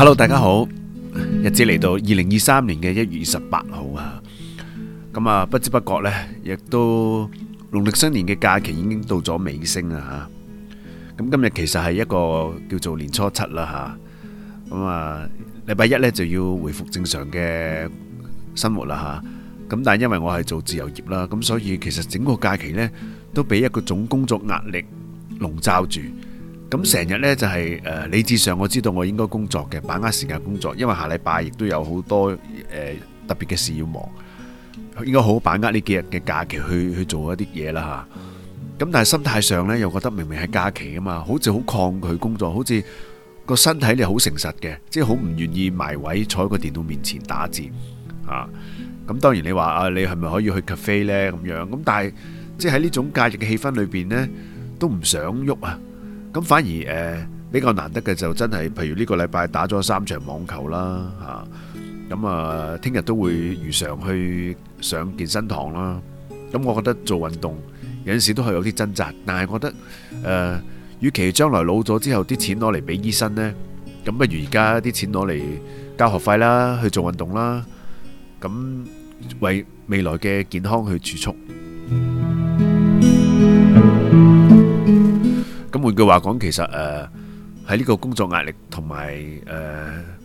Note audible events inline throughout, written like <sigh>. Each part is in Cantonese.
Hello，大家好，日子嚟到二零二三年嘅一月二十八號啊，咁啊不知不覺呢，亦都農曆新年嘅假期已經到咗尾聲啦吓。咁今日其實係一個叫做年初七啦吓，咁啊禮拜一呢就要恢復正常嘅生活啦吓。咁但係因為我係做自由業啦，咁所以其實整個假期呢都俾一個總工作壓力籠罩住。咁成日呢就係誒，理智上我知道我應該工作嘅，把握時間工作，因為下禮拜亦都有好多誒特別嘅事要忙，應該好好把握呢幾日嘅假期去去做一啲嘢啦吓。咁但係心態上呢，又覺得明明係假期啊嘛，好似好抗拒工作，好似個身體你好誠實嘅，即係好唔願意埋位坐喺個電腦面前打字啊。咁當然你話啊，你係咪可以去 cafe 呢咁樣？咁但係即係喺呢種假日嘅氣氛裏邊呢，都唔想喐啊。咁反而誒比較難得嘅就真係，譬如呢個禮拜打咗三場網球啦，嚇，咁啊聽日都會如常去上健身堂啦。咁我覺得做運動有陣時都係有啲掙扎，但係覺得誒，與其將來老咗之後啲錢攞嚟俾醫生呢，咁不如而家啲錢攞嚟交學費啦，去做運動啦，咁為未來嘅健康去儲蓄。咁換句話講，其實誒喺呢個工作壓力同埋誒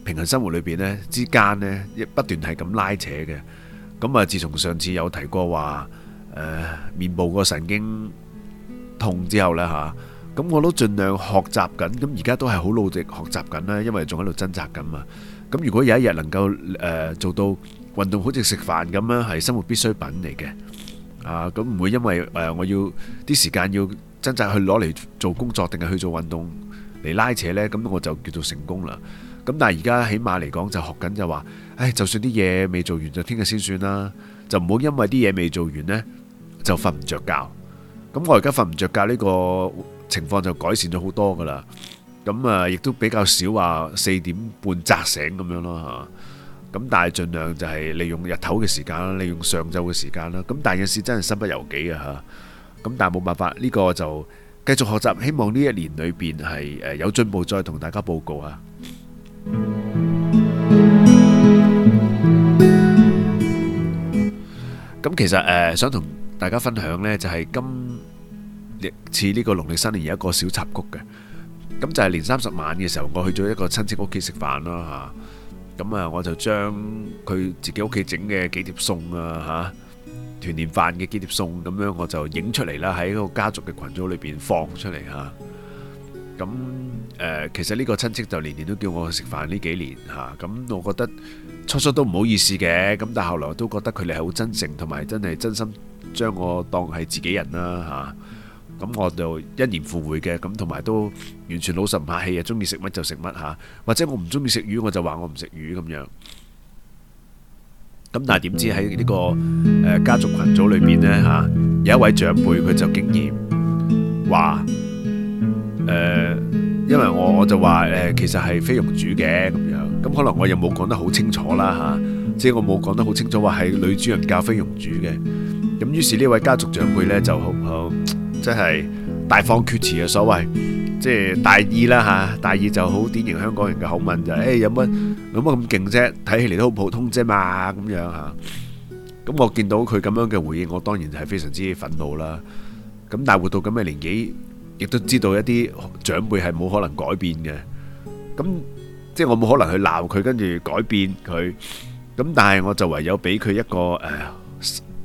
平衡生活裏邊呢之間呢，亦不斷係咁拉扯嘅。咁啊，自從上次有提過話誒面部個神經痛之後呢吓，咁我都盡量學習緊。咁而家都係好努力學習緊啦，因為仲喺度掙扎緊嘛。咁如果有一日能夠誒做到運動好似食飯咁樣，係生活必需品嚟嘅啊，咁唔會因為誒我要啲時間要。真係去攞嚟做工作，定係去做運動嚟拉扯咧？咁我就叫做成功啦。咁但係而家起碼嚟講就學緊就話，唉，就算啲嘢未做完就聽日先算啦，就唔好因為啲嘢未做完咧就瞓唔着覺。咁我而家瞓唔着覺呢個情況就改善咗好多噶啦。咁啊，亦都比較少話四點半扎醒咁樣咯吓。咁但係盡量就係利用日頭嘅時間啦，利用上晝嘅時間啦。咁但係有時真係身不由己啊吓。咁但係冇辦法，呢個就繼續學習，希望呢一年裏邊係誒有進步，再同大家報告啊！咁其實誒想同大家分享呢，就係今次呢個農曆新年有一個小插曲嘅，咁就係年三十晚嘅時候，我去咗一個親戚屋企食飯啦吓，咁啊我就將佢自己屋企整嘅幾碟餸啊吓。團年飯嘅幾碟餸咁樣，我就影出嚟啦，喺個家族嘅群組裏邊放出嚟嚇。咁誒，其實呢個親戚就年年都叫我去食飯呢幾年嚇。咁我覺得初初都唔好意思嘅，咁但後來我都覺得佢哋係好真誠，同埋真係真心將我當係自己人啦嚇。咁我就一言赴會嘅，咁同埋都完全老實唔客氣啊，中意食乜就食乜嚇。或者我唔中意食魚，我就話我唔食魚咁樣。咁但係點知喺呢個誒家族群組裏邊呢？嚇，有一位長輩佢就竟然話誒、呃，因為我我就話誒，其實係菲傭煮嘅咁樣，咁可能我又冇講得好清楚啦嚇、啊，即係我冇講得好清楚話係女主人教菲傭煮嘅，咁於是呢位家族長輩呢，就好好，即係大放厥詞嘅所謂，即係大意啦嚇，大意就好典型香港人嘅口吻就誒、是欸、有乜？有乜咁勁啫？睇起嚟都好普通啫嘛，咁樣吓。咁我見到佢咁樣嘅回應，我當然係非常之憤怒啦。咁但係活到咁嘅年紀，亦都知道一啲長輩係冇可能改變嘅。咁即係我冇可能去鬧佢，跟住改變佢。咁但係我就唯有俾佢一個誒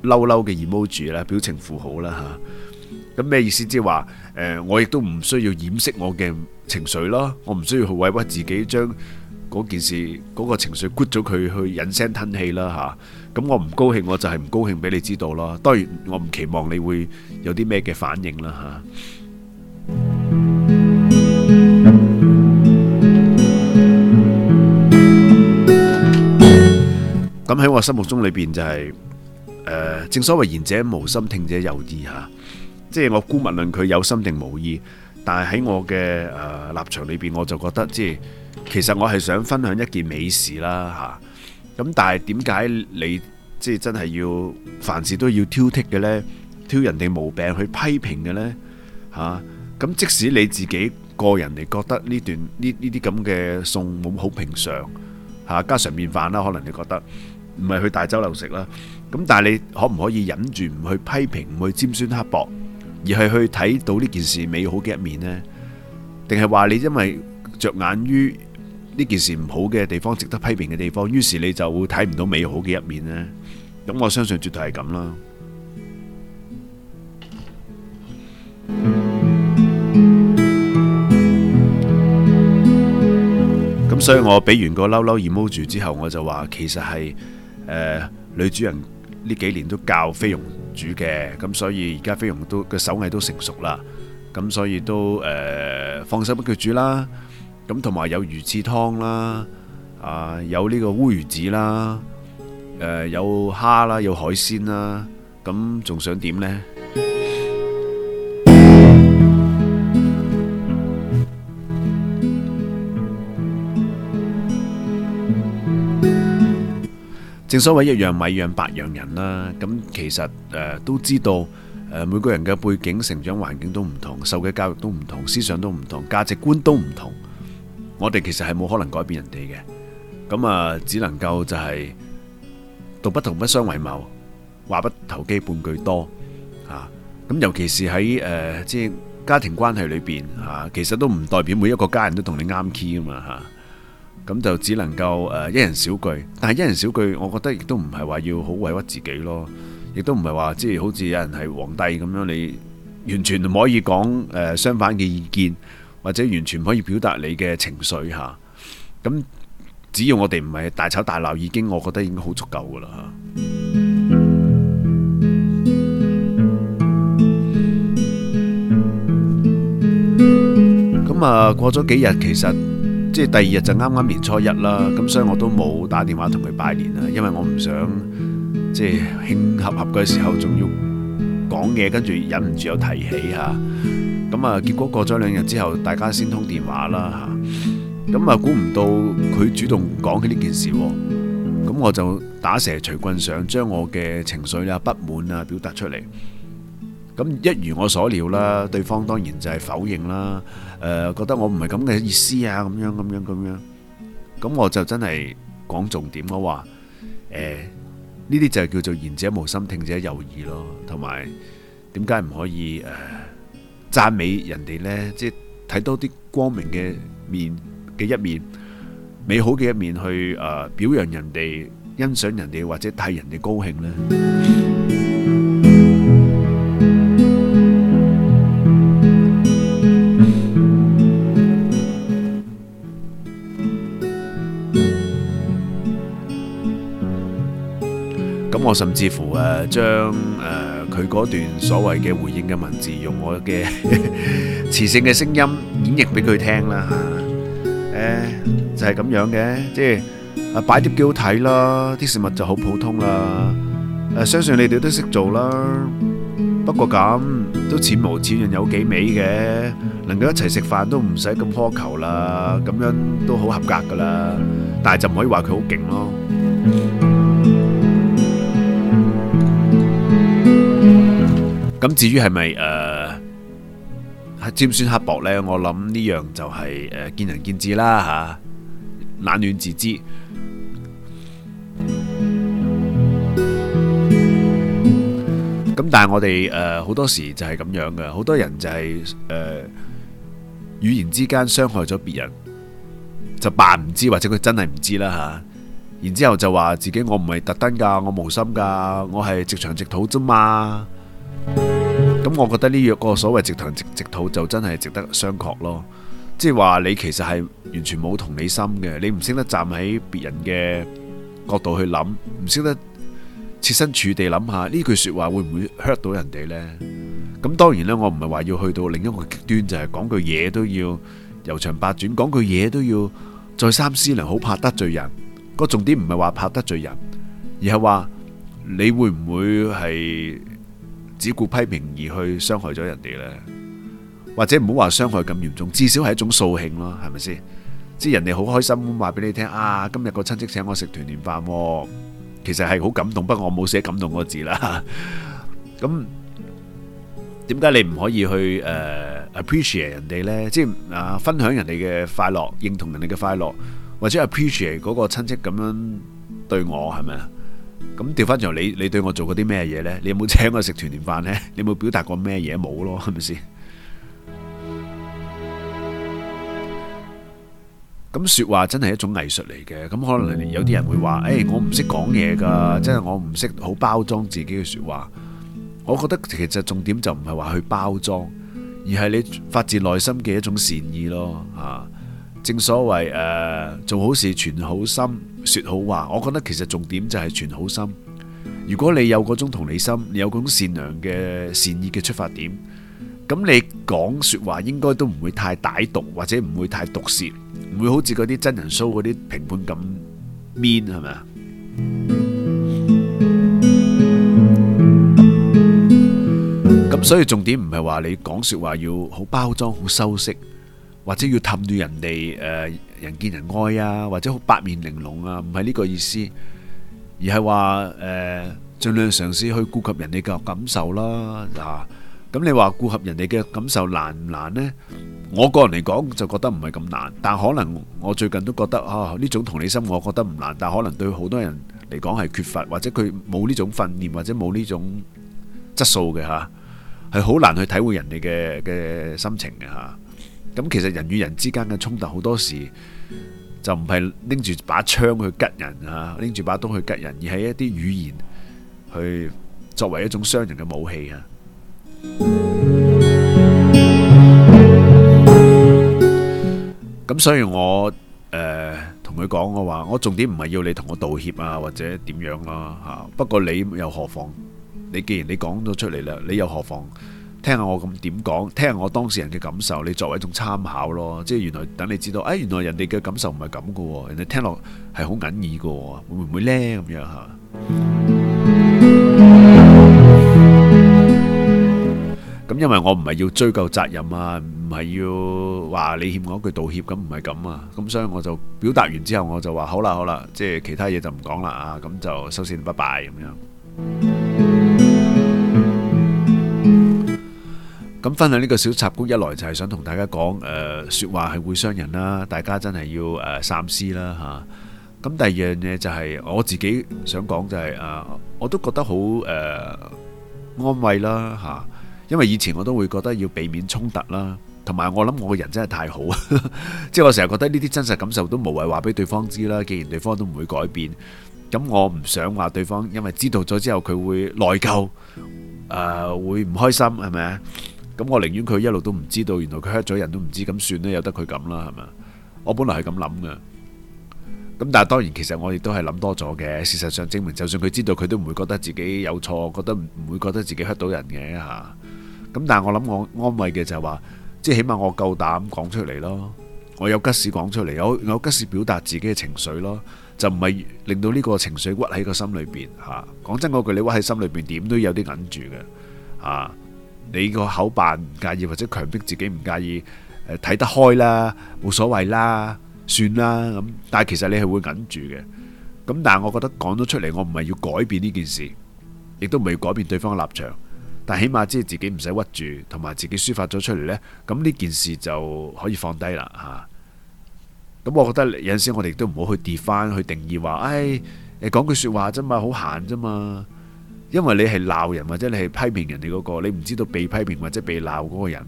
嬲嬲嘅 emoji 啦，表情符號啦吓。咁咩意思？即係話誒，我亦都唔需要掩飾我嘅情緒囉，我唔需要去委屈自己將。嗰件事嗰、那個情緒 good 咗，佢去忍聲吞氣啦吓，咁、啊、我唔高興，我就係唔高興俾你知道咯。當然我唔期望你會有啲咩嘅反應啦吓，咁、啊、喺 <music> 我心目中裏邊就係、是、誒、呃，正所謂言者無心，聽者有意吓、啊，即係我估勿論佢有心定無意，但係喺我嘅誒、呃、立場裏邊，我就覺得即係。其實我係想分享一件美事啦，吓咁，但係點解你即係真係要凡事都要挑剔嘅呢？挑人哋毛病去批評嘅呢？吓，咁即使你自己個人嚟，覺得呢段呢呢啲咁嘅餸冇好平常吓，家常便飯啦，可能你覺得唔係去大酒樓食啦，咁但係你可唔可以忍住唔去批評，唔去尖酸刻薄，而係去睇到呢件事美好嘅一面呢？定係話你因為？着眼於呢件事唔好嘅地方，值得批評嘅地方，於是你就會睇唔到美好嘅一面咧。咁我相信絕對係咁啦。咁所以我俾完個嬲嬲 emo 住之後，我就話其實係誒女主人呢幾年都教菲傭煮嘅，咁所以而家菲傭都個手藝都成熟啦，咁所以都誒放心俾佢煮啦。咁同埋有魚翅湯啦，啊有呢個烏魚子啦，誒有蝦啦，有海鮮啦，咁仲想點呢？正所謂，一樣米養百樣人啦，咁其實誒都知道，每個人嘅背景、成長環境都唔同，受嘅教育都唔同，思想都唔同，價值觀都唔同。我哋其實係冇可能改變人哋嘅，咁啊只能夠就係，道不同不相為謀，話不投機半句多，啊，咁尤其是喺誒即家庭關係裏邊，啊，其實都唔代表每一個家人都同你啱 key 噶嘛，吓，咁就只能夠誒一人少句，但係一人少句，我覺得亦都唔係話要好委屈自己咯，亦都唔係話即係好似有人係皇帝咁樣，你完全唔可以講誒相反嘅意見。或者完全可以表達你嘅情緒吓，咁只要我哋唔係大吵大鬧，已經我覺得應該好足夠噶啦吓。咁、嗯、啊，過咗幾日，其實即係第二日就啱啱年初一啦，咁所以我都冇打電話同佢拜年啦，因為我唔想即係慶合合嘅時候，仲要講嘢，跟住忍唔住又提起吓。咁啊，結果過咗兩日之後，大家先通電話啦吓。咁啊，估唔到佢主動講起呢件事，咁我就打蛇隨棍上，將我嘅情緒啊、不滿啊表達出嚟。咁一如我所料啦，對方當然就係否認啦。誒，覺得我唔係咁嘅意思啊，咁樣咁樣咁樣。咁我就真係講重點咯，話誒呢啲就係叫做言者無心，聽者有意咯。同埋點解唔可以誒？讚美人哋呢，即係睇多啲光明嘅面嘅一面，美好嘅一面去誒表揚人哋、欣賞人哋或者替人哋高興呢。咁我甚至乎誒將誒。佢嗰段所謂嘅回應嘅文字，用我嘅磁性嘅聲音演繹俾佢聽啦嚇。誒就係咁樣嘅，即係擺碟幾好睇啦，啲食物就好普通啦。誒相信你哋都識做啦。不過咁都似模似樣有幾美嘅，能夠一齊食飯都唔使咁苛求啦，咁樣都好合格噶啦。但係就唔可以話佢好勁咯。咁至於係咪誒尖酸刻薄呢？我諗呢樣就係誒見仁見智啦嚇，冷暖自知。咁、嗯、但係我哋誒好多時就係咁樣嘅，好多人就係、是、誒、呃、語言之間傷害咗別人，就扮唔知或者佢真係唔知啦嚇、啊。然之後就話自己我唔係特登㗎，我無心㗎，我係直腸直肚啫嘛。咁，我覺得呢個所謂直腸直直肚就真係值得商榷咯。即係話你其實係完全冇同理心嘅，你唔識得站喺別人嘅角度去諗，唔識得設身處地諗下呢句說話會唔會 hurt 到人哋呢？咁當然啦，我唔係話要去到另一個極端，就係講句嘢，都要由長八轉，講句嘢都要再三思量，好怕得罪人。個重點唔係話怕得罪人，而係話你會唔會係？只顧批評而去傷害咗人哋呢，或者唔好話傷害咁嚴重，至少係一種掃興咯，係咪先？即係人哋好開心，話俾你聽啊，今日個親戚請我食團年飯，哦，其實係好感動，不過我冇寫感動個字啦。咁點解你唔可以去誒、uh, appreciate 人哋呢？即係啊，uh, 分享人哋嘅快樂，認同人哋嘅快樂，或者 appreciate 嗰個親戚咁樣對我係咪啊？咁調翻轉頭，你你對我做過啲咩嘢呢？你有冇請我食團年飯呢？你有冇表達過咩嘢？冇咯，係咪先？咁 <music> 說話真係一種藝術嚟嘅。咁可能有啲人會話：誒、嗯哎，我唔識講嘢噶，真係我唔識好包裝自己嘅說話。我覺得其實重點就唔係話去包裝，而係你發自內心嘅一種善意咯。吓、啊，正所謂誒、呃，做好事，存好心。說好話，我覺得其實重點就係存好心。如果你有嗰種同理心，你有嗰種善良嘅善意嘅出發點，咁你講說話應該都唔會太歹毒，或者唔會太毒舌，唔會好似嗰啲真人 show 嗰啲評判咁 mean 係咪啊？咁所以重點唔係話你講說話要好包裝、好修飾，或者要氹到人哋誒。呃人見人愛啊，或者好八面玲瓏啊，唔係呢個意思，而係話誒，盡量嘗試去顧及人哋嘅感受啦。嗱，咁你話顧及人哋嘅感受難唔難呢？我個人嚟講就覺得唔係咁難，但可能我最近都覺得啊，呢種同理心我覺得唔難，但可能對好多人嚟講係缺乏，或者佢冇呢種訓練，或者冇呢種質素嘅吓，係好難去體會人哋嘅嘅心情嘅吓。咁其實人與人之間嘅衝突好多時就唔係拎住把槍去吉人啊，拎住把刀去吉人，而係一啲語言去作為一種傷人嘅武器啊。咁所以我誒同佢講，我話，我重點唔係要你同我道歉啊，或者點樣囉吓。不過你又何妨？你既然你講咗出嚟啦，你又何妨？聽下我咁點講，聽下我當事人嘅感受，你作為一種參考咯。即係原來等你知道，誒，原來人哋嘅感受唔係咁噶，人哋聽落係好隱意噶，會唔會咧咁樣吓？咁因為我唔係要追究責任啊，唔係要話你欠我一句道歉，咁唔係咁啊。咁所以我就表達完之後，我就話好啦好啦，即係其他嘢就唔講啦啊，咁就收線，拜拜咁樣。咁分享呢個小插曲，一來就係想同大家講，誒，說話係會傷人啦,大家真係要誒三思啦吓。咁第二樣嘢就係我自己想講就係誒，我都覺得好誒安慰啦吓，因為以前我都會覺得要避免衝突啦，同埋我諗我個人真係太好，即係我成日覺得呢啲真實感受都無謂話俾對方知啦，既然對方都唔會改變，咁我唔想話對方因為知道咗之後佢會內疚，誒會唔開心係咪啊？咁我寧願佢一路都唔知道，原來佢 hurt 咗人都唔知，咁算咧，有得佢咁啦，係嘛？我本來係咁諗嘅，咁但係當然，其實我亦都係諗多咗嘅。事實上證明，就算佢知道，佢都唔會覺得自己有錯，覺得唔會覺得自己 hurt 到人嘅吓。咁但係我諗，我安慰嘅就係話，即係起碼我夠膽講出嚟咯，我有吉事講出嚟，有有吉事表達自己嘅情緒咯，就唔係令到呢個情緒屈喺個心裏邊吓。講真嗰句，你屈喺心裏邊，點都有啲忍住嘅啊。你個口扮唔介意或者強迫自己唔介意誒、呃、睇得開啦，冇所謂啦，算啦咁。但係其實你係會忍住嘅。咁但係我覺得講咗出嚟，我唔係要改變呢件事，亦都唔係要改變對方嘅立場。但起碼即係自己唔使屈住，同埋自己抒發咗出嚟呢，咁呢件事就可以放低啦吓。咁、啊、我覺得有陣時我哋都唔好去跌翻去定義話，誒，你講句說話啫嘛，好閒啫嘛。因為你係鬧人或者你係批評人哋嗰個，你唔知道被批評或者被鬧嗰個人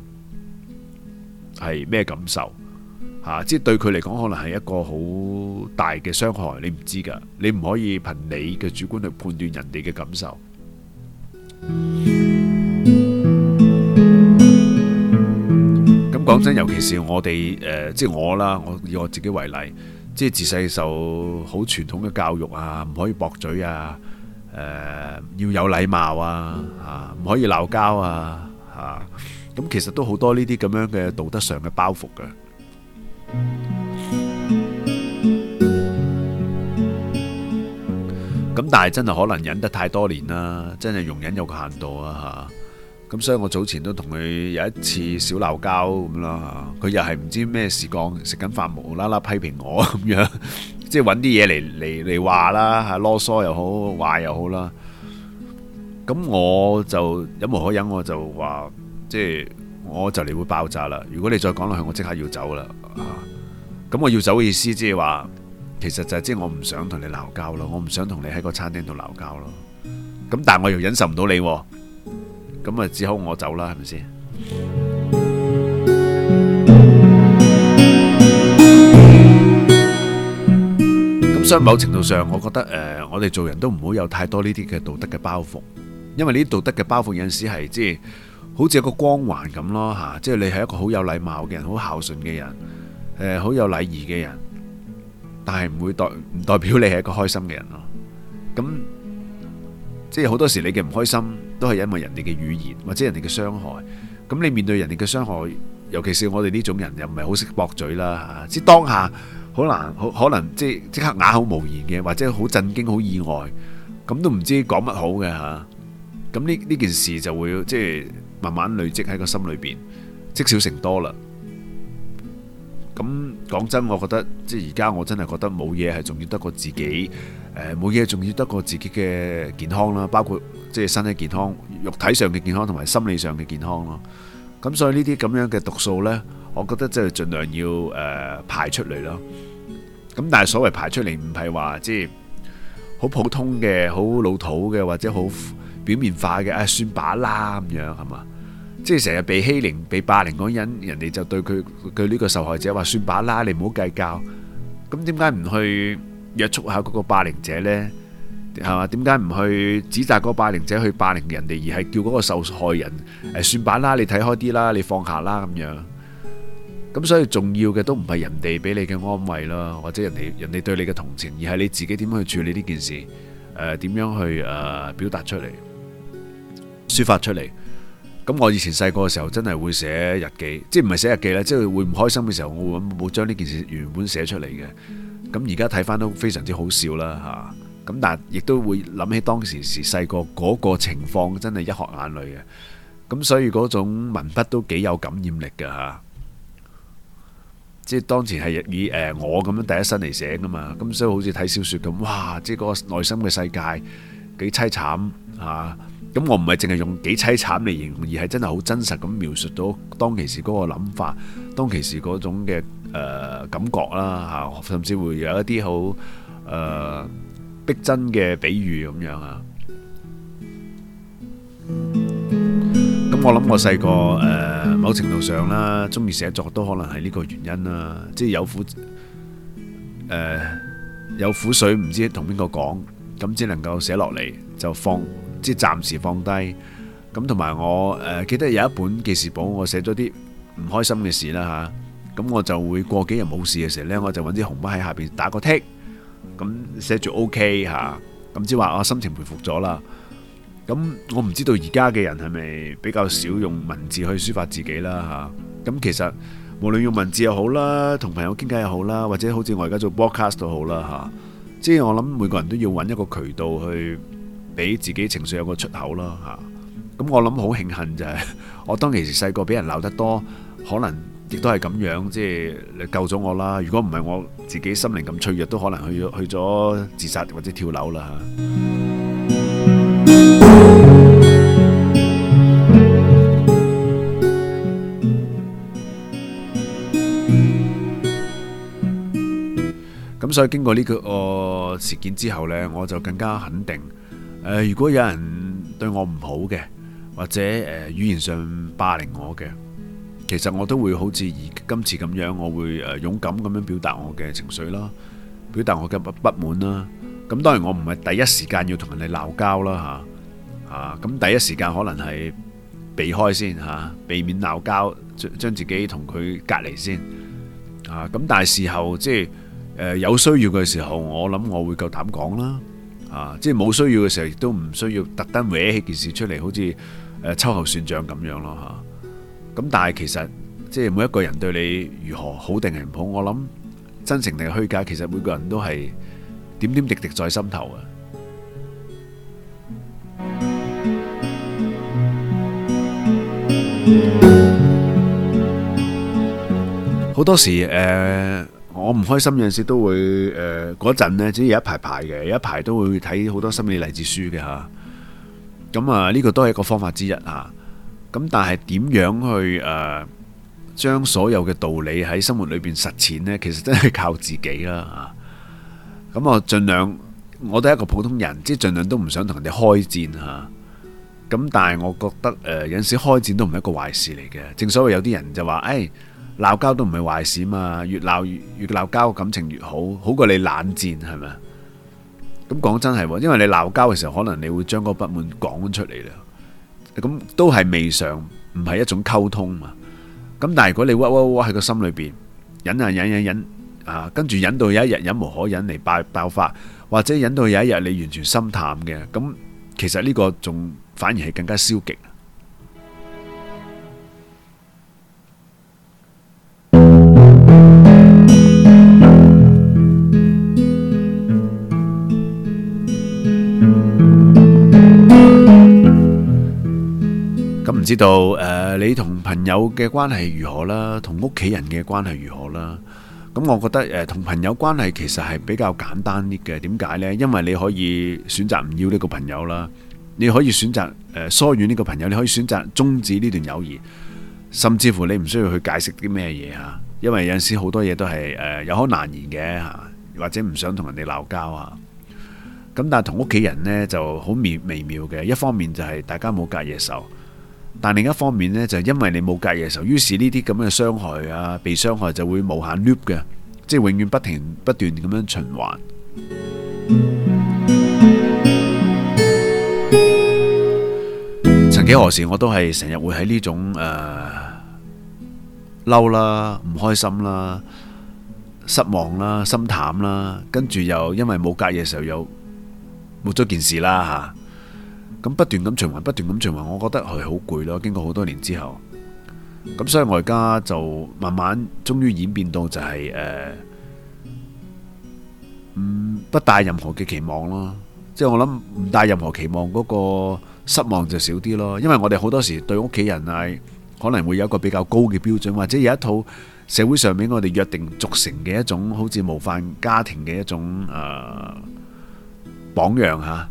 係咩感受，吓，即係對佢嚟講可能係一個好大嘅傷害，你唔知噶，你唔可以憑你嘅主觀去判斷人哋嘅感受。咁、嗯、講真，尤其是我哋誒、呃，即係我啦，我以我自己為例，即係自細受好傳統嘅教育啊，唔可以駁嘴啊。誒要有禮貌啊，嚇，唔可以鬧交啊，嚇，咁其實都好多呢啲咁樣嘅道德上嘅包袱㗎。咁但係真係可能忍得太多年啦，真係容忍有個限度啊，嚇。咁所以我早前都同佢有一次小鬧交咁啦，佢又係唔知咩事講，食緊飯無啦啦批評我咁樣。即係揾啲嘢嚟嚟話啦，吓囉嗦又好，話又好啦。咁我就忍無可忍我、就是，我就話，即係我就嚟會爆炸啦。如果你再講落去，我即刻要走啦。吓、啊，咁我要走嘅意思，即係話，其實就係即係我唔想同你鬧交咯，我唔想同你喺個餐廳度鬧交咯。咁但係我又忍受唔到你、啊，咁啊只好我走啦，係咪先？所以某程度上，我覺得誒、呃，我哋做人都唔好有太多呢啲嘅道德嘅包袱，因為呢啲道德嘅包袱有陣時係即係好似一個光環咁咯吓，即係你係一個好有禮貌嘅人，好孝順嘅人，誒、呃，好有禮儀嘅人，但係唔會代唔代表你係一個開心嘅人咯。咁、啊、即係好多時你嘅唔開心都係因為人哋嘅語言或者人哋嘅傷害。咁你面對人哋嘅傷害，尤其是我哋呢種人又唔係好識駁嘴啦吓、啊，即當下。好難，好可能即即刻啞口無言嘅，或者好震驚、好意外，咁都唔知講乜好嘅吓。咁呢呢件事就會即係慢慢累積喺個心裏邊，積少成多啦。咁講真，我覺得即係而家我真係覺得冇嘢係仲要得過自己，誒，冇嘢係仲要得過自己嘅健康啦，包括即係身體健康、肉體上嘅健康同埋心理上嘅健康咯。咁所以呢啲咁樣嘅毒素呢，我覺得即係盡量要誒排出嚟咯。咁但係所謂排出嚟唔係話即係好普通嘅、好老土嘅或者好表面化嘅。誒，算把啦咁樣係嘛，即係成日被欺凌、被霸凌嗰人，人哋就對佢佢呢個受害者話算把啦，你唔好計較。咁點解唔去約束下嗰個霸凌者呢？係嘛？點解唔去指責嗰個霸凌者去霸凌人哋，而係叫嗰個受害人誒算把啦，你睇開啲啦，你放下啦咁樣。咁所以重要嘅都唔係人哋俾你嘅安慰啦，或者人哋人哋對你嘅同情，而係你自己點樣去處理呢件事？誒點樣去誒表達出嚟、抒發出嚟？咁我以前細個嘅時候真係會寫日記，即係唔係寫日記啦？即係會唔開心嘅時候，我會冇將呢件事原本寫出嚟嘅。咁而家睇返都非常之好笑啦，嚇！咁但係亦都會諗起當時時細個嗰個情況，真係一學眼淚嘅。咁所以嗰種文筆都幾有感染力㗎嚇。即係當時係以誒我咁樣第一身嚟寫噶嘛，咁所以好似睇小說咁，哇！即係嗰個內心嘅世界幾淒慘啊！咁我唔係淨係用幾淒慘嚟形容，而係真係好真實咁描述到當其時嗰個諗法，當其時嗰種嘅誒、呃、感覺啦嚇，甚至會有一啲好誒逼真嘅比喻咁樣啊！我諗我細個誒，某程度上啦，中意寫作都可能係呢個原因啦，即係有苦誒、呃，有苦水唔知同邊個講，咁只能夠寫落嚟就放，即係暫時放低。咁同埋我誒、呃，記得有一本記事簿，我寫咗啲唔開心嘅事啦吓，咁、啊、我就會過幾日冇事嘅時候呢，我就揾啲紅筆喺下邊打個 tick，咁寫住 OK 吓、啊，咁即係話我心情回復咗啦。咁我唔知道而家嘅人係咪比較少用文字去抒發自己啦吓，咁、啊、其實無論用文字又好啦，同朋友傾偈又好啦，或者好似我而家做 broadcast 都好啦吓，即、啊、係、就是、我諗每個人都要揾一個渠道去俾自己情緒有個出口啦吓，咁、啊、我諗好慶幸就係、是、我當其時細個俾人鬧得多，可能亦都係咁樣，即、就、係、是、救咗我啦。如果唔係我自己心靈咁脆弱，都可能去去咗自殺或者跳樓啦吓。啊所以經過呢個個事件之後呢，我就更加肯定，誒，如果有人對我唔好嘅，或者誒語言上霸凌我嘅，其實我都會好似而今次咁樣，我會誒勇敢咁樣表達我嘅情緒啦，表達我嘅不滿啦。咁當然我唔係第一時間要同人哋鬧交啦，吓吓，咁第一時間可能係避開先吓，避免鬧交，將將自己同佢隔離先啊。咁但係事後即係。誒，有需要嘅時候，我諗我會夠膽講啦，啊，即係冇需要嘅時候，亦都唔需要特登搵起件事出嚟，好似誒秋後算賬咁樣咯吓。咁但係其實，即係每一個人對你如何好定係唔好，我諗真誠定係虛假，其實每個人都係點點滴滴在心頭啊。好多時誒。我唔開心，有陣時都會誒，嗰、呃、陣呢，只有一排排嘅，有一排都會睇好多心理勵志書嘅吓。咁啊，呢、這個都係一個方法之一啊。咁但係點樣去誒，將、呃、所有嘅道理喺生活裏邊實踐呢？其實真係靠自己啦吓。咁我盡量，我都係一個普通人，即係盡量都唔想同人哋開戰吓。咁但係我覺得誒、呃，有陣時開戰都唔係一個壞事嚟嘅。正所謂有啲人就話，誒、哎。鬧交都唔係壞事嘛越鬧越越鬧交感情越好，好過你冷戰係咪啊？咁講真係，因為你鬧交嘅時候，可能你會將嗰不滿講出嚟啦。咁都係未嘗，唔係一種溝通嘛。咁但係如果你屈屈屈喺個心裏邊忍啊忍忍忍啊，跟住忍到有一日忍無可忍嚟爆爆發，或者忍到有一日你完全心淡嘅，咁其實呢個仲反而係更加消極。唔知道誒，你同朋友嘅關係如何啦？同屋企人嘅關係如何啦？咁我覺得誒，同朋友關係其實係比較簡單啲嘅。點解呢？因為你可以選擇唔要呢個朋友啦，你可以選擇誒疏遠呢個朋友，你可以選擇終止呢段友誼，甚至乎你唔需要去解釋啲咩嘢吓。因為有陣時好多嘢都係誒有口難言嘅吓，或者唔想同人哋鬧交啊。咁但係同屋企人呢就好微微妙嘅，一方面就係大家冇隔夜仇。但另一方面呢，就係因為你冇隔夜仇，於是呢啲咁嘅傷害啊，被傷害就會無限 loop 嘅，即係永遠不停不斷咁樣循環。曾幾何時，我都係成日會喺呢種誒，嬲啦，唔開心啦，失望啦，心淡啦，跟住又因為冇隔夜仇，又冇咗件事啦吓。咁不斷咁循環，不斷咁循環，我覺得係好攰咯。經過好多年之後，咁所以我而家就慢慢，終於演變到就係誒，嗯，不帶任何嘅期望咯。即係我諗唔帶任何期望，嗰個失望就少啲咯。因為我哋好多時對屋企人係可能會有一個比較高嘅標準，或者有一套社會上面我哋約定俗成嘅一種，好似模範家庭嘅一種誒榜樣吓。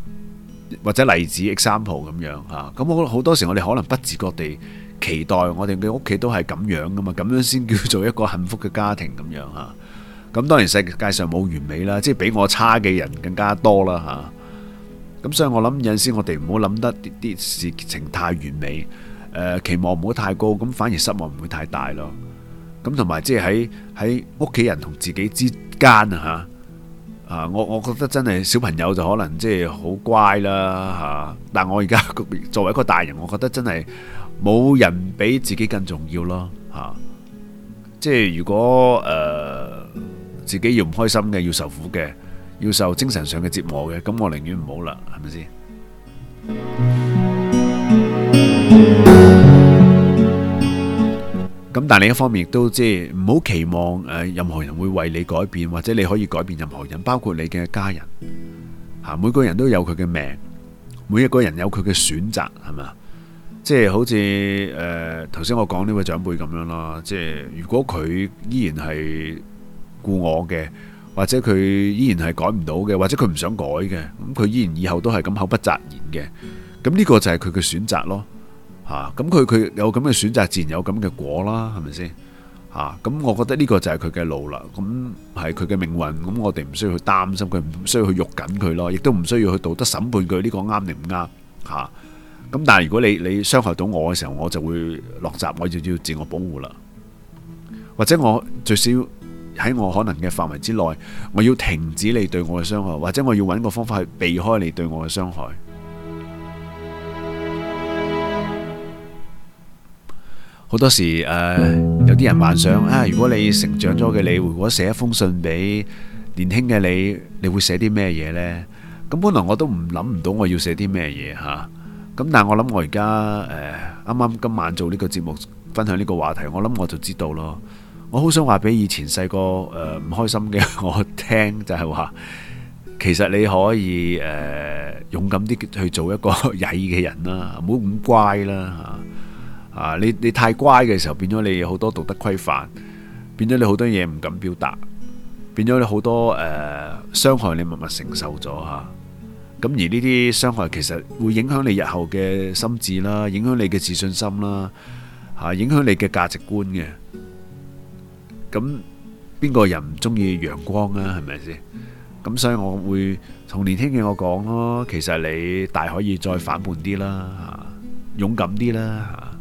或者例子 example 咁樣吓，咁我好多時我哋可能不自覺地期待我哋嘅屋企都係咁樣噶嘛，咁樣先叫做一個幸福嘅家庭咁樣吓。咁當然世界上冇完美啦，即係比我差嘅人更加多啦吓。咁所以我諗有陣時我哋唔好諗得啲啲事情太完美，誒期望唔好太高，咁反而失望唔會太大咯。咁同埋即係喺喺屋企人同自己之間吓。我我覺得真係小朋友就可能即係好乖啦吓，但我而家作為一個大人，我覺得真係冇人比自己更重要咯吓。即係如果誒、呃、自己要唔開心嘅，要受苦嘅，要受精神上嘅折磨嘅，咁我寧願唔好啦，係咪先？音樂音樂咁但係另一方面亦都即係唔好期望誒，任何人會為你改變，或者你可以改變任何人，包括你嘅家人吓。每個人都有佢嘅命，每一個人有佢嘅選擇，係咪啊？即係好似誒頭先我講呢位長輩咁樣咯，即係如果佢依然係顧我嘅，或者佢依然係改唔到嘅，或者佢唔想改嘅，咁佢依然以後都係咁口不擇言嘅，咁呢個就係佢嘅選擇咯。啊，咁佢佢有咁嘅選擇，自然有咁嘅果啦，係咪先？啊，咁我覺得呢個就係佢嘅路啦，咁係佢嘅命運，咁我哋唔需要去擔心佢，唔需要去喐緊佢咯，亦都唔需要去道德審判佢，呢個啱定唔啱？吓，咁但係如果你你傷害到我嘅時候，我就會落閘，我就要自我保護啦，或者我最少喺我可能嘅範圍之內，我要停止你對我嘅傷害，或者我要揾個方法去避開你對我嘅傷害。好多時誒，有啲人幻想啊，如果你成長咗嘅你，如果寫一封信俾年輕嘅你，你會寫啲咩嘢呢？咁本來我都唔諗唔到我要寫啲咩嘢吓，咁但係我諗我而家誒，啱啱今晚做呢個節目，分享呢個話題，我諗我就知道咯。我好想話俾以前細個誒唔開心嘅我聽，就係話，其實你可以誒勇敢啲去做一個曳嘅人啦，唔好咁乖啦吓。啊！你你太乖嘅時候，變咗你好多道德規範，變咗你好多嘢唔敢表達，變咗你好多誒傷害你默默承受咗吓。咁而呢啲傷害其實會影響你日後嘅心智啦，影響你嘅自信心啦，吓影響你嘅價值觀嘅。咁邊個人唔中意陽光啊？係咪先？咁所以我會同年輕嘅我講咯，其實你大可以再反叛啲啦，吓勇敢啲啦，吓。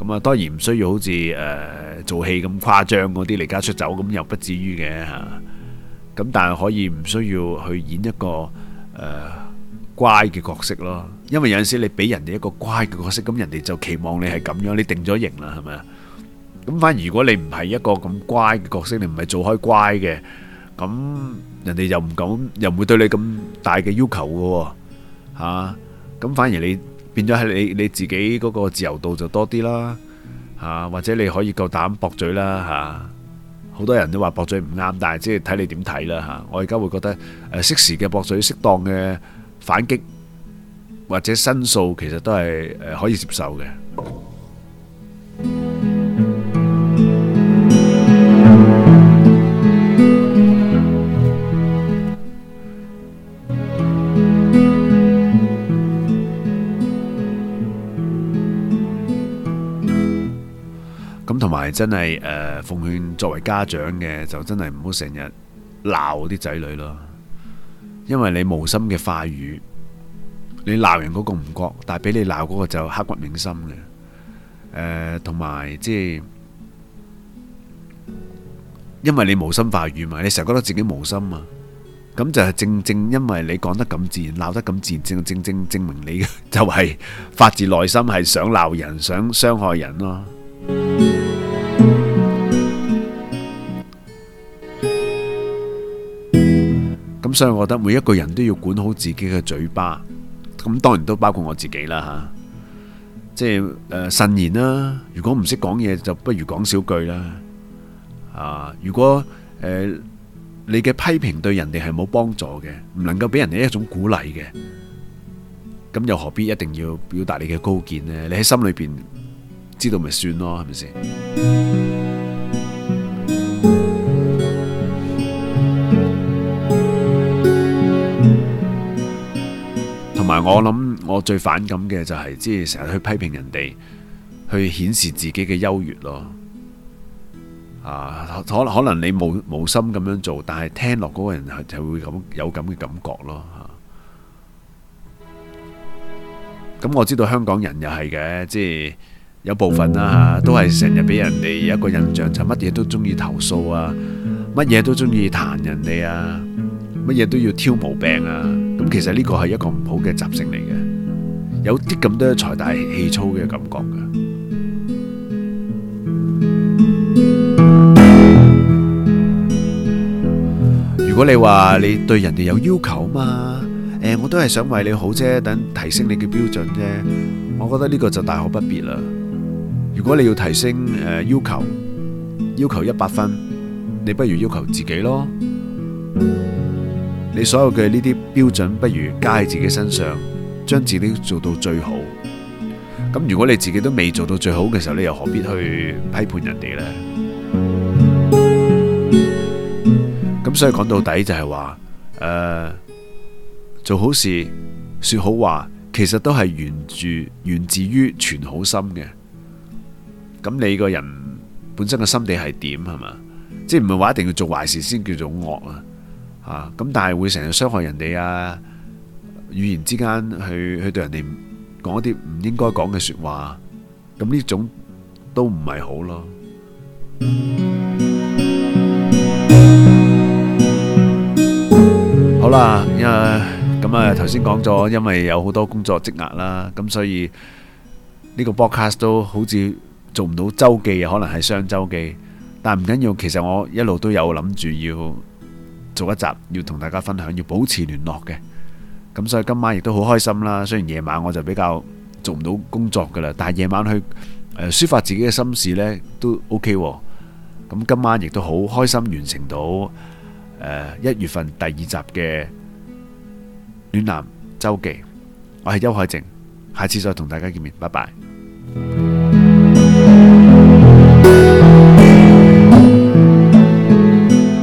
咁啊，當然唔需要好似誒做戲咁誇張嗰啲離家出走，咁又不至於嘅嚇。咁但係可以唔需要去演一個誒乖嘅角色咯，因為有陣時你俾人哋一個乖嘅角色，咁人哋就期望你係咁樣，你定咗型啦係咪啊？咁反而如果你唔係一個咁乖嘅角色，你唔係做開乖嘅，咁人哋又唔敢，又唔會對你咁大嘅要求嘅喎，嚇。咁反而你。變咗係你，你自己嗰個自由度就多啲啦，吓，或者你可以夠膽駁嘴啦，吓，好多人都話駁嘴唔啱，但係即係睇你點睇啦吓。我而家會覺得，誒適時嘅駁嘴、適當嘅反擊或者申訴，其實都係可以接受嘅。同埋真係誒，奉勸作為家長嘅就真係唔好成日鬧啲仔女咯，因為你無心嘅話語，你鬧人嗰個唔覺，但係俾你鬧嗰個就刻骨銘心嘅。誒、呃，同埋即係，因為你無心快語嘛，你成日覺得自己無心啊，咁就係正正因為你講得咁自然，鬧得咁自然，正正正證明你就係發自內心係想鬧人，想傷害人咯。所以我覺得每一個人都要管好自己嘅嘴巴，咁當然都包括我自己啦吓、啊，即係誒、呃、慎言啦、啊。如果唔識講嘢，就不如講少句啦。啊，如果誒、呃、你嘅批評對人哋係冇幫助嘅，唔能夠俾人哋一種鼓勵嘅，咁又何必一定要表達你嘅高見呢？你喺心裏邊知道咪算咯，係咪先？嗯同埋我諗，我最反感嘅就係、是，即係成日去批評人哋，去顯示自己嘅優越咯。啊，可可能你冇冇心咁樣做，但係聽落嗰個人係就會咁有咁嘅感覺咯。吓、啊，咁我知道香港人又係嘅，即係有部分啦、啊、都係成日俾人哋一個印象，就乜、是、嘢都中意投訴啊，乜嘢都中意彈人哋啊，乜嘢都要挑毛病啊。其實呢個係一個唔好嘅習性嚟嘅，有啲咁多財大氣粗嘅感覺嘅。如果你話你對人哋有要求嘛，誒，我都係想為你好啫，等提升你嘅標準啫。我覺得呢個就大可不必啦。如果你要提升，誒，要求，要求一百分，你不如要求自己咯。你所有嘅呢啲標準，不如加喺自己身上，將自己做到最好。咁如果你自己都未做到最好嘅時候，你又何必去批判人哋呢？咁所以講到底就係話，誒、呃，做好事說好話，其實都係源自源自於存好心嘅。咁你個人本身嘅心地係點係嘛？即係唔係話一定要做壞事先叫做惡啊？啊，咁但係會成日傷害人哋啊，語言之間去去對人哋講一啲唔應該講嘅說話，咁呢種都唔係好咯。好啦，因為咁啊，頭先講咗，因為有好多工作積壓啦，咁所以呢個 broadcast 都好似做唔到周記啊，可能係雙周記，但唔緊要，其實我一路都有諗住要。做一集要同大家分享，要保持聯絡嘅，咁所以今晚亦都好開心啦。雖然夜晚我就比較做唔到工作噶啦，但係夜晚去誒抒發自己嘅心事呢都 OK。咁今晚亦都好開心完成到誒一月份第二集嘅《暖男周記》，我係邱海靖，下次再同大家見面，拜拜。